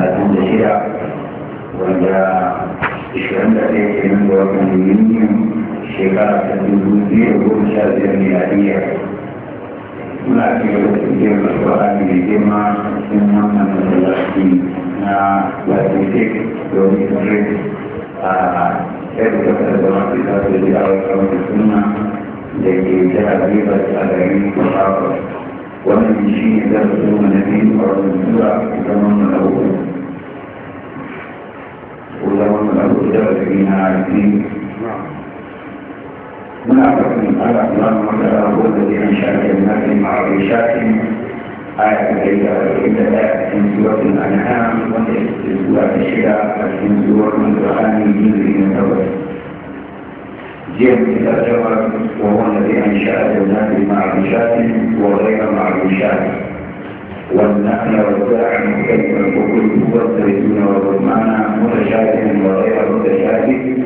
talatin da shida wanda ishirin da ɗaya ke nan da watan yuniyin shekara ta dubu biyu da goma sha biyar miladiyya muna cikin da tsakiyar alƙur'ani mai girma cikin wannan masallaci na wajen domin street a yadda ta zama fita da jiragen kawai suna da ke jihar ribar a garin kur'akwai wannan shi ne zarafi wani biyu a wannan zuwa zaman na uku اللهم لا بد فينا عارفين منافقين قال اللهم لا بد من شاك الناس مع ريشاك آية العيدة والعيدة من سورة الأنعام وفي سورة الشراء من سورة القرآن الجزء من الأول جيم إذا وهو الذي أنشأ الناس مع ريشاك وغير مع ريشاك والنحل والساعة مختلفة الفقود والزيتون والرمان متشابه وغير متشابه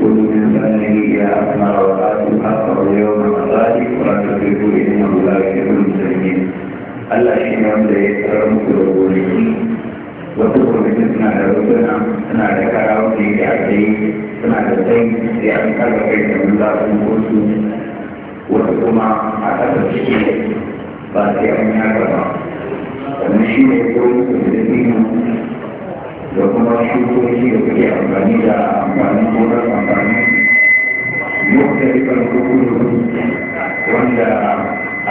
كل من فنه إلى أثمر وآتوا الحق اليوم مصالح ولا تشركوا إنه لا يحب المسلمين ألا شيء ولا يكرم قلوبهم وتخرج تسمع ربنا سمع لك عوضي لعبدي سمع لدي لأنك بقيت من الله المرسل وتقوم على تفكير فاتحا يا رب shi ne koyi da da kuma shukoki da kuke amfani da amfanin gonar amfani mukhtalifan rukunu wanda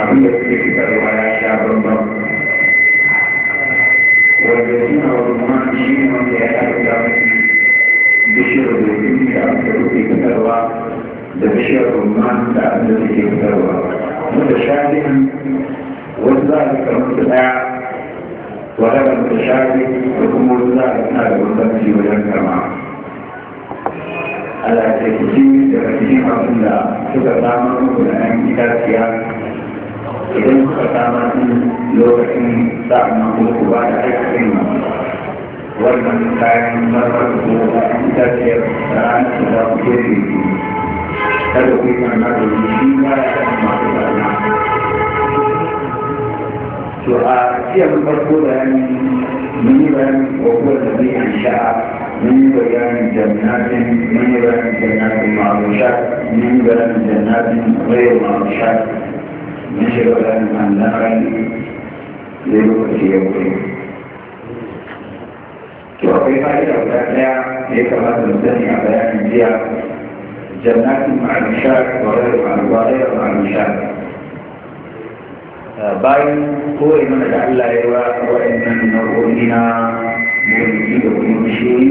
abin da suke fitarwa ya sha bambam wanda suna wa shi ne wanda ya ɗauka mafi bishiyar dokin da abin da suke fitarwa da bishiyar rumman da abin da suke fitarwa wanda shafin wasu za a kamar da ɗaya wadanda ta shafi da kuma za a suna da bambanci wajen kama Allah ta kici da cikin abin da suka samu muku da ɗan itaciya idan suka samu lokacin sa'an kuma ba da aikacin wannan kayan marmar ko kayan itaciyar da an ci da ku ke da kada ku yi mana da shi ba ya masu to a jiya mun farko bayani mun yi bayani wa da zai an sha'a mun yi bayani jannatin mun yi bayani jannatin ma'arusha mun yi bayani jannatin rayu ma'arusha mun shiga bayani annarai zai lokaci ya wuce to akwai fa'ida guda ɗaya da ya kamata mu sani a bayanin jiya jannatin ma'arusha wa rayu ma'arusha Eh, bayan kowai mana da Allah ya wa waɗannan nau'o'i na mulki da kuma bishiyoyi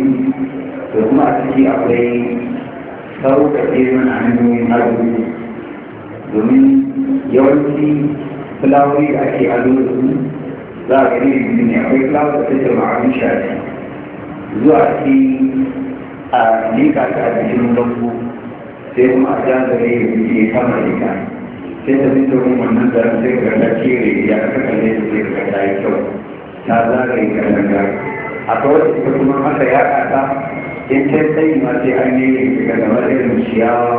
da kuma a ciki akwai sauƙaƙe mana hanyoyin ado domin yawanci fulawoyi da ake ado da su za a gani da ne akwai fulawar da take ma'amin shafi zuwa ci a liƙa ta a cikin bango sai kuma a jan jazare da ke kama da ita sai ta fito min wannan da sai ka ga kere ya ka kalle ta sai ka ga kyau ta zagaye ka ga a kawai ita kuma masa ya kasa in ta sai ma sai an yi yin daga game da irin ciyawa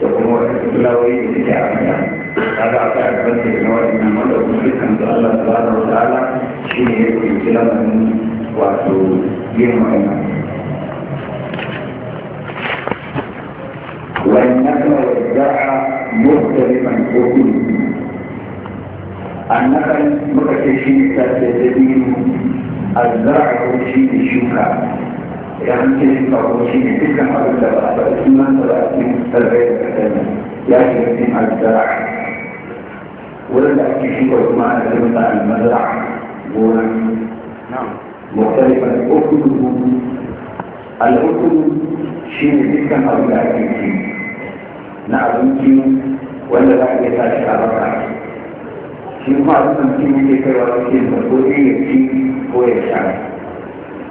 da kuma wata fulawoyi da suke a kanta ta ga aka yi gaban da gama wata nan wanda kuma dukkan su Allah ta bada wa ta'ala shi ne ya kunshi lamarin wato yin wa'annan وإنك لو ادعى مختلفا وكل النقل مكتشين تتدين الزرع وشين الشوكة يعني كيف تقوشين تلك قبل دبعة فإسمان دبعتين الغير أحسن يعني يتم الزرع ولا أكتشين وما أدمنا المزرع نعم مختلفا وكل الأكل شين تلك قبل أكتشين na abinci wanda za a iya sa shi a baka shi kuma abincin ke kaiwa cikin da ko ya ci ko ya sha